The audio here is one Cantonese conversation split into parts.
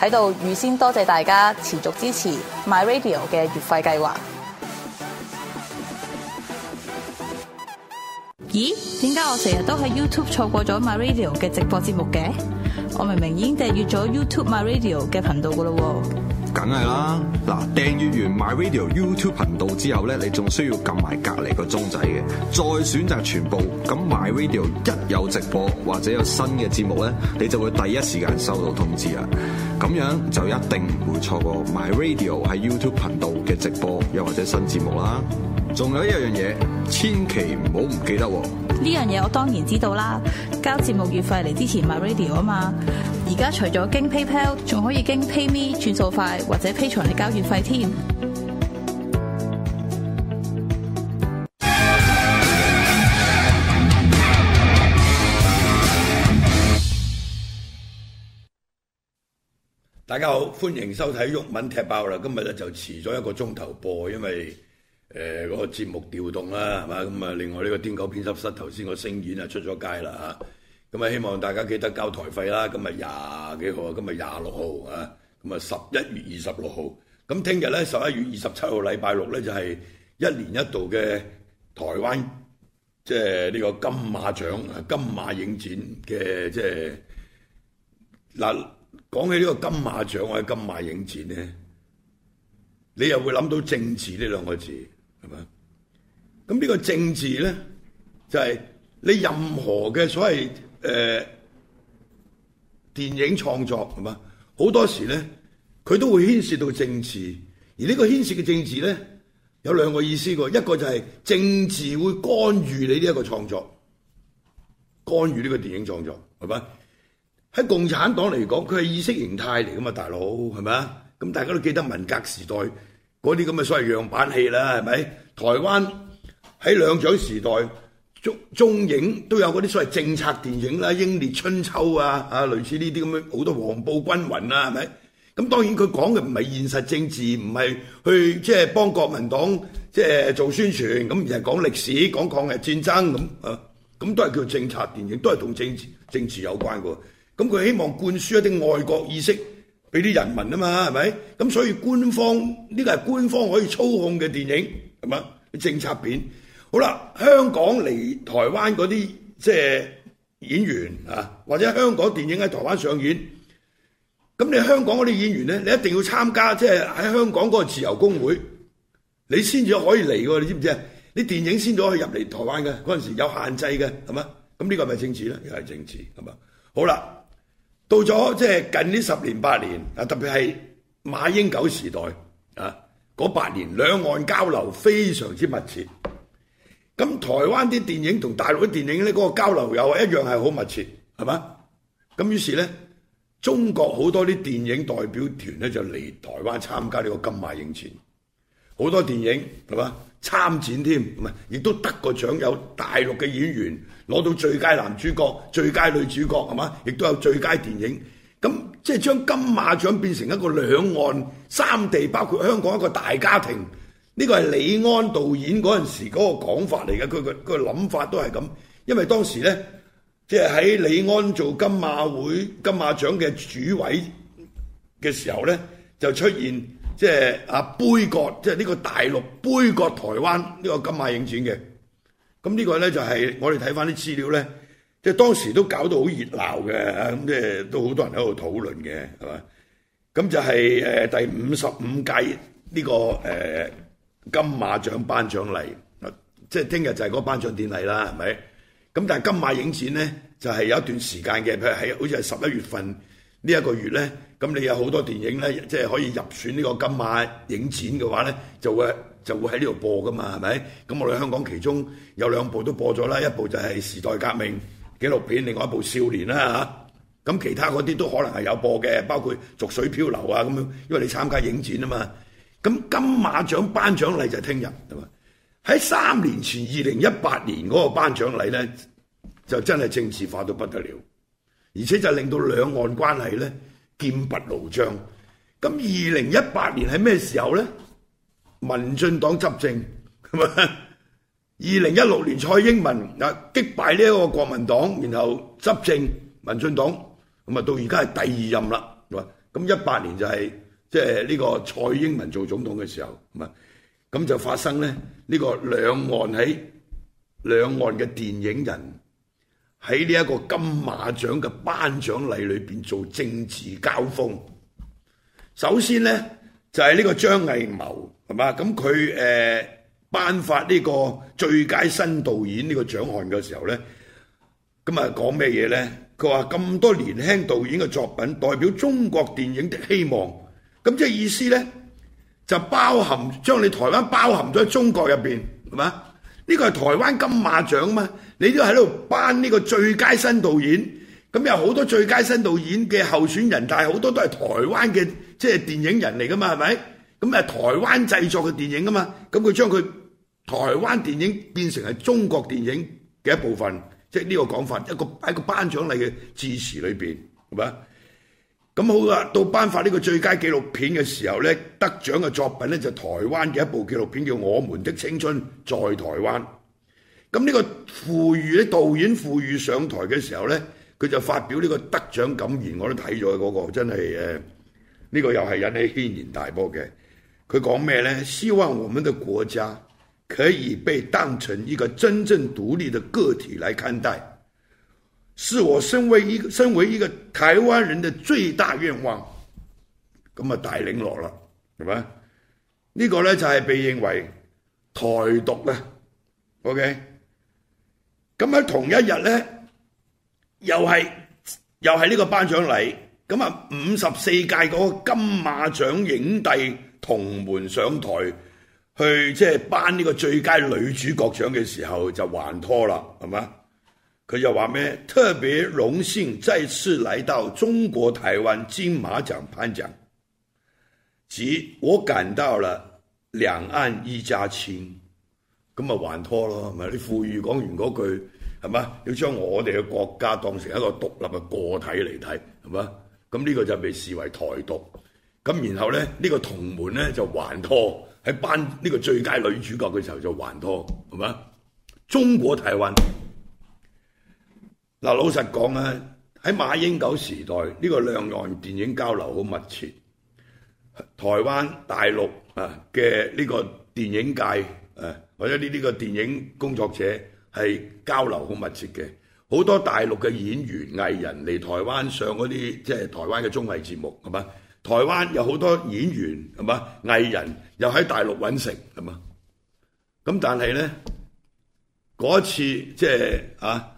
喺度預先多謝大家持續支持 MyRadio 嘅月費計劃。咦？點解我成日都喺 YouTube 錯過咗 MyRadio 嘅直播節目嘅？我明明已經訂閱咗 YouTube MyRadio 嘅頻道噶嘞喎。梗係啦，嗱訂閱完 My Radio YouTube 頻道之後咧，你仲需要撳埋隔離個鐘仔嘅，再選擇全部，咁 My Radio 一有直播或者有新嘅節目咧，你就會第一時間收到通知啦，咁樣就一定唔會錯過 My Radio 喺 YouTube 頻道嘅直播又或者新節目啦。仲有一樣嘢，千祈唔好唔記得喎。呢樣嘢我當然知道啦。交節目月費嚟支持 MyRadio 啊嘛，而家除咗經 PayPal，仲可以經 PayMe 轉數快，或者 Patreon 嚟交月費添。大家好，歡迎收睇《毓民踢爆》啦！今日咧就遲咗一個鐘頭播，因為，誒、呃，嗰、那個節目調動啦，係嘛？咁啊，另外呢、這個癲狗編輯室頭先個聲演出了了啊出咗街啦吓，咁啊希望大家記得交台費啦。今日廿幾號，今日廿六號啊，咁啊十一月二十六號。咁、啊、聽、嗯、日咧十、就是、一月二十七號禮拜六咧就係一年一度嘅台灣即係呢個金馬獎、嗯、金馬影展嘅即係嗱，講、就是啊、起呢個金馬獎或者金馬影展咧，你又會諗到政治呢兩個字。係咪？咁呢個政治咧，就係、是、你任何嘅所謂誒、呃、電影創作，係咪？好多時咧，佢都會牽涉到政治，而呢個牽涉嘅政治咧，有兩個意思噶，一個就係政治會干預你呢一個創作，干預呢個電影創作，係咪？喺共產黨嚟講，佢係意識形態嚟噶嘛，大佬，係咪啊？咁大家都記得文革時代。嗰啲咁嘅所謂樣板戲啦，係咪？台灣喺兩蔣時代，中中影都有嗰啲所謂政策電影啦，《英烈春秋》啊，啊類似呢啲咁嘅好多黃埔軍魂啦，係咪？咁當然佢講嘅唔係現實政治，唔係去即係幫國民黨即係做宣傳，咁而係講歷史、講抗日戰爭咁啊，咁都係叫政策電影，都係同政治政治有關嘅。咁佢希望灌輸一啲愛國意識。俾啲人民啊嘛，係咪？咁所以官方呢個係官方可以操控嘅電影，係嘛？政策片。好啦，香港嚟台灣嗰啲即係演員啊，或者香港電影喺台灣上演，咁你香港嗰啲演員咧，你一定要參加即係喺香港嗰個自由工會，你先至可以嚟，你知唔知啊？你電影先至可以入嚟台灣嘅，嗰陣時有限制嘅，係嘛？咁呢個係咪政治咧？又係政治，係嘛？好啦。到咗即係近呢十年八年啊，特別係馬英九時代啊，嗰八年兩岸交流非常之密切。咁台灣啲電影同大陸啲電影呢嗰個交流又一樣係好密切，係嘛？咁於是呢，中國好多啲電影代表團咧就嚟台灣參加呢個金馬影展。好多電影，係嘛，參展添，唔係亦都得個獎，有大陸嘅演員攞到最佳男主角、最佳女主角係嘛，亦都有最佳電影。咁即係將金馬獎變成一個兩岸三地，包括香港一個大家庭。呢個係李安導演嗰陣時嗰個講法嚟嘅，佢個佢個諗法都係咁。因為當時呢，即係喺李安做金馬會金馬獎嘅主委嘅時候呢，就出現。即係啊，杯葛即係呢個大陸杯葛台灣呢個金馬影展嘅。咁呢個咧就係我哋睇翻啲資料咧，即係當時都搞到好熱鬧嘅，咁即係都好多人喺度討論嘅，係嘛？咁就係誒第五十五屆呢個誒金馬獎頒獎禮，即係聽日就係嗰頒獎典禮啦，係咪？咁但係金馬影展咧就係有一段時間嘅，譬如喺好似係十一月份，呢一個月呢，咁你有好多電影呢，即係可以入選呢個金馬影展嘅話呢，就會就會喺呢度播噶嘛，係咪？咁我哋香港其中有兩部都播咗啦，一部就係時代革命紀錄片，另外一部少年啦吓。咁其他嗰啲都可能係有播嘅，包括逐水漂流啊咁樣，因為你參加影展啊嘛。咁金馬獎頒獎禮就係聽日，係嘛？喺三年前二零一八年嗰個頒獎禮呢，就真係政治化到不得了。而且就令到兩岸關係咧劍拔弩張，咁二零一八年係咩時候咧？民進黨執政，咁啊，二零一六年蔡英文啊擊敗呢一個國民黨，然後執政民進黨，咁啊到而家係第二任啦，咁一八年就係即係呢個蔡英文做總統嘅時候，咁啊，咁就發生咧呢個兩岸喺兩岸嘅電影人。喺呢一個金馬獎嘅頒獎禮裏邊做政治交鋒，首先呢，就係呢個張藝謀係嘛，咁佢誒頒發呢個最佳新導演呢個獎項嘅時候呢，咁啊講咩嘢呢？佢話咁多年輕導演嘅作品代表中國電影的希望，咁即係意思呢，就包含將你台灣包含咗喺中國入邊係嘛？呢個係台灣金馬獎嘛？你都喺度頒呢個最佳新導演，咁有好多最佳新導演嘅候選人，但係好多都係台灣嘅即係電影人嚟㗎嘛？係咪？咁啊，台灣製作嘅電影㗎嘛，咁佢將佢台灣電影變成係中國電影嘅一部分，即係呢個講法，一個一個頒獎禮嘅致辭裏邊，係咪？咁好啊，到頒發呢個最佳紀錄片嘅時候咧，得獎嘅作品咧就台灣嘅一部紀錄片叫《我們的青春在台灣》。咁呢個傅榆咧，導演傅榆上台嘅時候咧，佢就發表呢個得獎感言，我都睇咗嗰個，真係誒，呢、這個又係引起軒然大波嘅。佢講咩咧？希望我們的國家可以被當成一個真正獨立的個體嚟看待。是我身為一個身為一個台灣人的最大願望，咁啊大領落啦，係咪？這個、呢個咧就係、是、被認為台獨啦，OK？咁喺同一日咧，又係又係呢個頒獎禮，咁啊五十四屆嗰個金馬獎影帝同門上台去即係頒呢個最佳女主角獎嘅時候就還拖啦，係咪？佢又話咩特別榮幸再次來到中國台灣金馬獎頒獎，即我感到啦兩岸一家親，咁咪還拖咯，係咪？你富裕講完嗰句，係嘛？要將我哋嘅國家當成一個獨立嘅個體嚟睇，係嘛？咁呢個就被視為台獨。咁然後咧，呢、這個同門咧就還拖喺班呢個最佳女主角嘅時候就還拖，係嘛？中國台灣。嗱，老實講啊，喺馬英九時代，呢個兩岸電影交流好密切，台灣、大陸啊嘅呢個電影界，誒或者呢呢個電影工作者係交流好密切嘅。好多大陸嘅演員藝人嚟台灣上嗰啲即係台灣嘅綜藝節目，係嘛？台灣有好多演員係嘛藝人又喺大陸揾食，係嘛？咁但係呢，嗰次即係啊～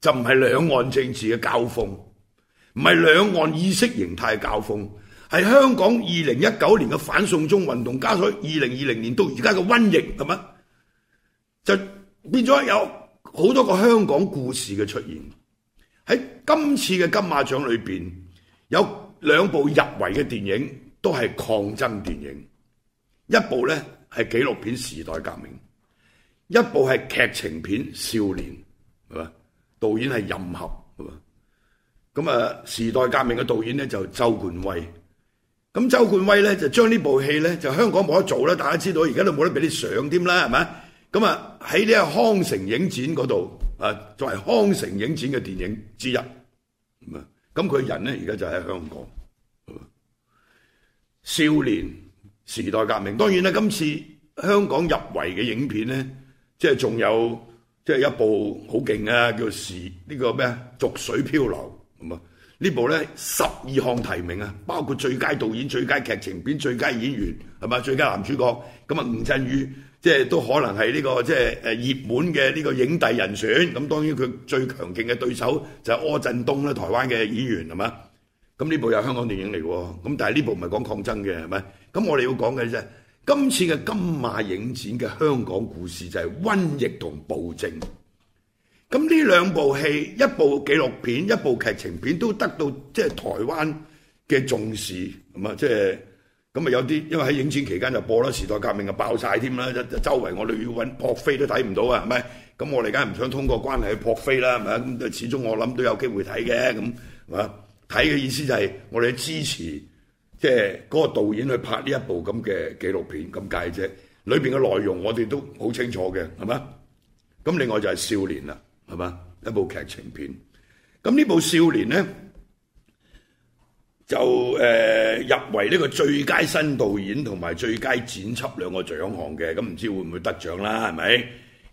就唔係兩岸政治嘅交鋒，唔係兩岸意識形態嘅交鋒，係香港二零一九年嘅反送中運動加左二零二零年到而家嘅瘟疫，係嘛？就變咗有好多個香港故事嘅出現。喺今次嘅金馬獎裏邊，有兩部入圍嘅電影都係抗爭電影，一部呢係紀錄片《時代革命》，一部係劇情片《少年》，係嘛？導演係任俠，咁啊，時代革命嘅導演呢，就周冠威，咁周冠威呢，就將呢部戲呢，就香港冇得做啦，大家知道而家都冇得俾你上添啦，係咪？咁啊喺呢個康城影展嗰度啊，作為康城影展嘅電影之一，咁佢人呢，而家就喺香港，少年時代革命。當然啦，今次香港入圍嘅影片呢，即係仲有。即係一部好勁啊叫做《時》呢個咩啊，《濁水漂流》咁啊！呢部呢部咧十二項提名啊，包括最佳導演、最佳劇情片、最佳演員，係嘛？最佳男主角咁啊！吳鎮宇即係都可能係呢、呢個即係誒熱門嘅呢個影帝人選。咁當然佢最強勁嘅對手就係柯震東啦，台灣嘅演員係嘛？咁呢部又係香港電影嚟喎。咁但係呢部唔係講抗爭嘅係咪？咁我哋要講嘅啫。今次嘅金馬影展嘅香港故事就係瘟疫同暴政。咁呢兩部戲，一部紀錄片，一部劇情片，都得到即係台灣嘅重視，係嘛？即係咁啊，有啲因為喺影展期間就播啦，《時代革命》就爆晒添啦，周圍我哋要揾撲飛都睇唔到啊，係咪？咁我哋梗係唔想通過關係去撲飛啦，係咪？咁始終我諗都有機會睇嘅，咁係嘛？睇嘅意思就係我哋支持。即係嗰個導演去拍呢一部咁嘅紀錄片咁解啫，裏邊嘅內容我哋都好清楚嘅，係嘛？咁另外就係少年啦，係嘛？一部劇情片，咁呢部少年咧就誒入圍呢個最佳新導演同埋最佳剪輯兩個獎項嘅，咁唔知會唔會得獎啦？係咪？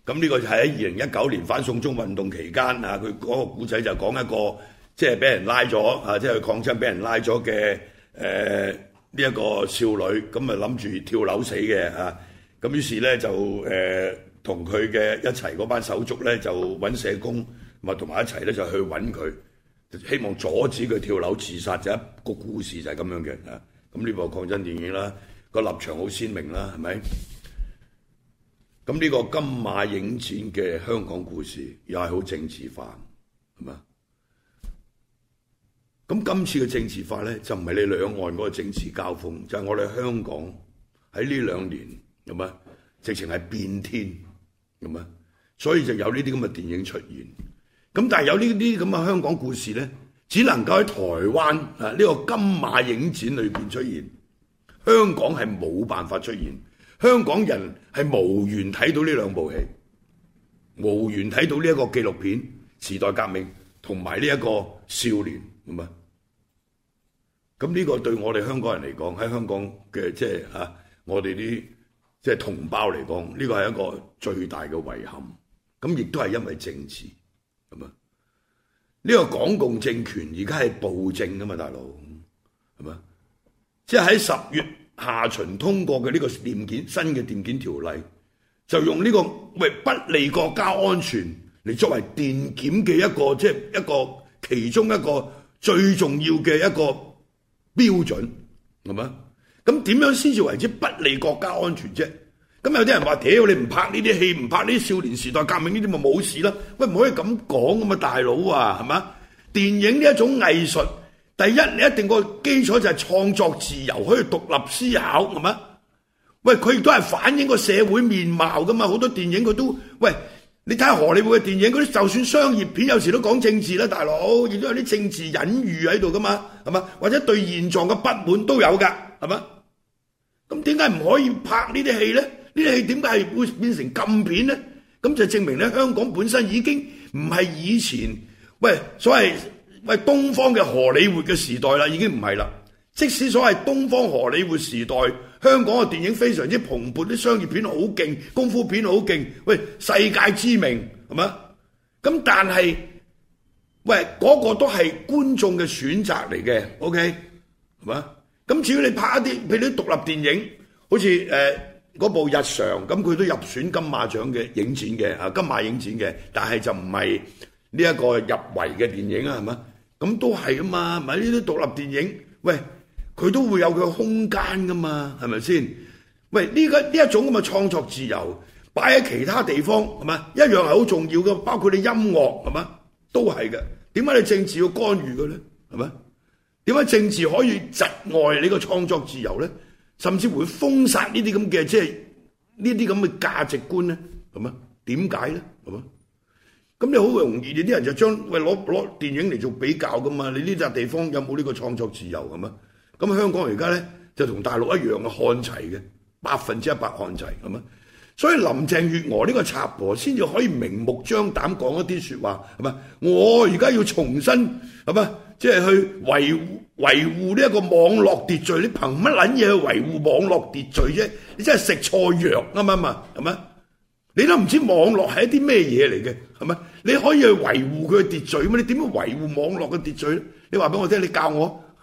咁呢個就係喺二零一九年反送中運動期間啊，佢嗰個古仔就講一個即係俾人拉咗啊，即係抗爭俾人拉咗嘅。誒呢一個少女咁咪諗住跳樓死嘅嚇、啊，咁於是咧就誒同佢嘅一齊嗰班手足咧就揾社工，同埋一齊咧就去揾佢，希望阻止佢跳樓自殺，就、那、一個故事就係咁樣嘅嚇、啊。咁呢部抗爭電影啦，個立場好鮮明啦，係咪？咁呢個金馬影展嘅香港故事又係好政治化，係咪啊？咁今次嘅政治化咧，就唔係你兩岸嗰個政治交鋒，就係我哋香港喺呢兩年咁啊，直情係變天咁啊，所以就有呢啲咁嘅電影出現。咁但係有呢啲咁嘅香港故事咧，只能夠喺台灣啊呢個金馬影展裏面出現，香港係冇辦法出現，香港人係無緣睇到呢兩部戲，無緣睇到呢一個紀錄片《時代革命》同埋呢一個少年。咁啊！咁呢個對我哋香港人嚟講，喺香港嘅即係我哋啲即係同胞嚟講，呢個係一個最大嘅遺憾。咁亦都係因為政治，咁啊！呢個港共政權而家係暴政噶嘛，大佬係嘛？即係喺十月下旬通過嘅呢個電檢新嘅電檢條例，就用呢個為不利國家安全嚟作為電檢嘅一個即係一個，其中一個。最重要嘅一個標準係嘛？咁點樣先至為之不利國家安全啫？咁有啲人話，屌、欸、你唔拍呢啲戲，唔拍呢啲少年時代革命呢啲，咪冇事啦？喂，唔可以咁講㗎嘛，大佬啊，係嘛？電影呢一種藝術，第一你一定個基礎就係創作自由，可以獨立思考，係嘛？喂，佢亦都係反映個社會面貌㗎嘛，好多電影佢都喂。你睇下荷里活嘅電影，嗰啲就算商業片，有時都講政治啦，大佬亦都有啲政治隱喻喺度噶嘛，係嘛？或者對現狀嘅不滿都有噶，係嘛？咁點解唔可以拍呢啲戲咧？呢啲戲點解係會變成禁片咧？咁就證明咧，香港本身已經唔係以前喂所謂喂東方嘅荷里活嘅時代啦，已經唔係啦。即使所謂東方荷里活時代，香港嘅電影非常之蓬勃，啲商業片好勁，功夫片好勁，喂，世界知名，係嘛？咁但係，喂，嗰個都係觀眾嘅選擇嚟嘅，OK，係嘛？咁至於你拍一啲，譬如啲獨立電影，好似誒嗰部日常，咁佢都入選金馬獎嘅影展嘅，啊，金馬影展嘅，但係就唔係呢一個入圍嘅電影啊，係嘛？咁都係㗎嘛，咪呢啲獨立電影，喂。佢都會有佢個空間噶嘛，係咪先？喂，呢個呢一種咁嘅創作自由擺喺其他地方係咪？一樣係好重要嘅，包括你音樂係咪都係嘅？點解你政治要干預嘅咧？係咪？點解政治可以窒礙你個創作自由咧？甚至會封殺呢啲咁嘅即係呢啲咁嘅價值觀咧？係咪？點解咧？係咪？咁你好容易，啲人就將喂攞攞電影嚟做比較噶嘛？你呢笪地方有冇呢個創作自由係咪？咁香港而家咧就同大陸一樣嘅看齊嘅，百分之一百看齊，係咪？所以林鄭月娥呢個插婆先至可以明目張膽講一啲説話，係咪？我而家要重新係咪？即係、就是、去維護維護呢一個網絡秩序，你憑乜撚嘢去維護網絡秩序啫？你真係食錯藥啊嘛嘛，係咪？你都唔知網絡係一啲咩嘢嚟嘅，係咪？你可以去維護佢嘅秩序啊嘛？你點樣維護網絡嘅秩序咧？你話俾我聽，你教我。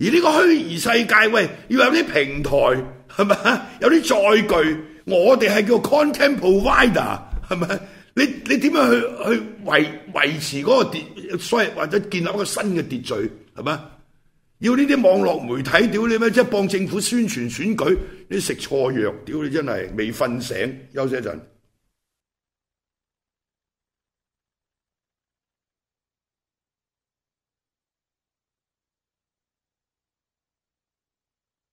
而呢個虛擬世界，喂，要有啲平台係咪啊？有啲載具，我哋係叫 content provider 係咪？你你點樣去去維維持嗰個秩序，或者建立一個新嘅秩序係咪？要呢啲網絡媒體屌你咩？即係幫政府宣傳選舉，你食錯藥，屌你真係未瞓醒，休息一陣。